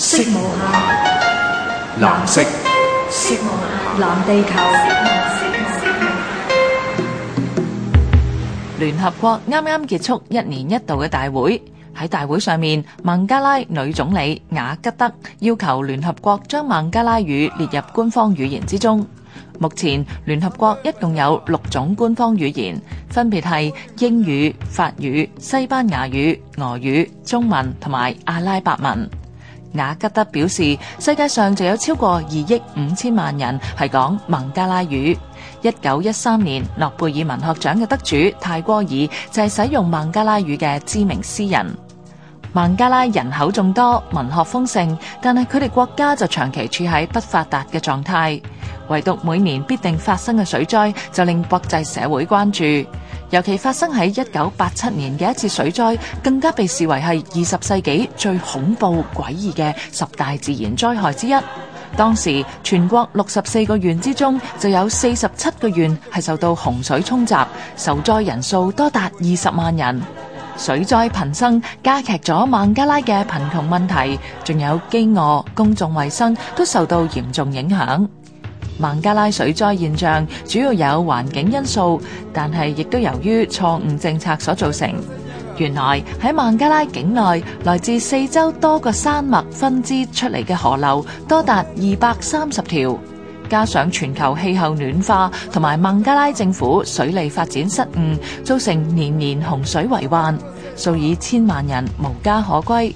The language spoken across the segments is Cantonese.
色藍色，色藍地球。聯合國啱啱結束一年一度嘅大會。喺大會上面，孟加拉女總理雅吉德要求聯合國將孟加拉語列入官方語言之中。目前聯合國一共有六種官方語言，分別係英語、法語、西班牙語、俄語、中文同埋阿拉伯文。瓦吉德表示，世界上就有超過二億五千萬人係講孟加拉語。一九一三年諾貝爾文學獎嘅得主泰戈爾就係使用孟加拉語嘅知名詩人。孟加拉人口眾多，文學豐盛，但係佢哋國家就長期處喺不發達嘅狀態。唯獨每年必定發生嘅水災就令國際社會關注。尤其發生喺1987年嘅一次水災，更加被視為係20世紀最恐怖詭異嘅十大自然災害之一。當時，全國64個縣之中，就有47個縣係受到洪水沖襲，受災人數多達20萬人。水災頻生加劇咗孟加拉嘅貧窮問題，仲有飢餓、公眾衛生都受到嚴重影響。孟加拉水災現象主要有環境因素，但係亦都由於錯誤政策所造成。原來喺孟加拉境內，來自四周多個山脈分支出嚟嘅河流多達二百三十條，加上全球氣候暖化同埋孟加拉政府水利發展失誤，造成年年洪水為患，數以千萬人無家可歸。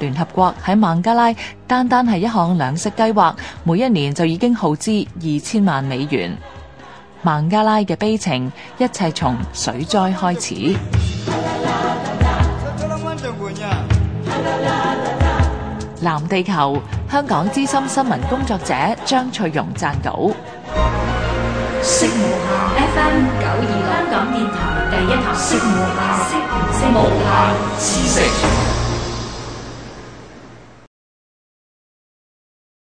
聯合國喺孟加拉單單係一項糧食計劃，每一年就已經耗資二千萬美元。孟加拉嘅悲情，一切從水災開始。藍地球，香港資深新聞工作者張翠蓉撰稿：。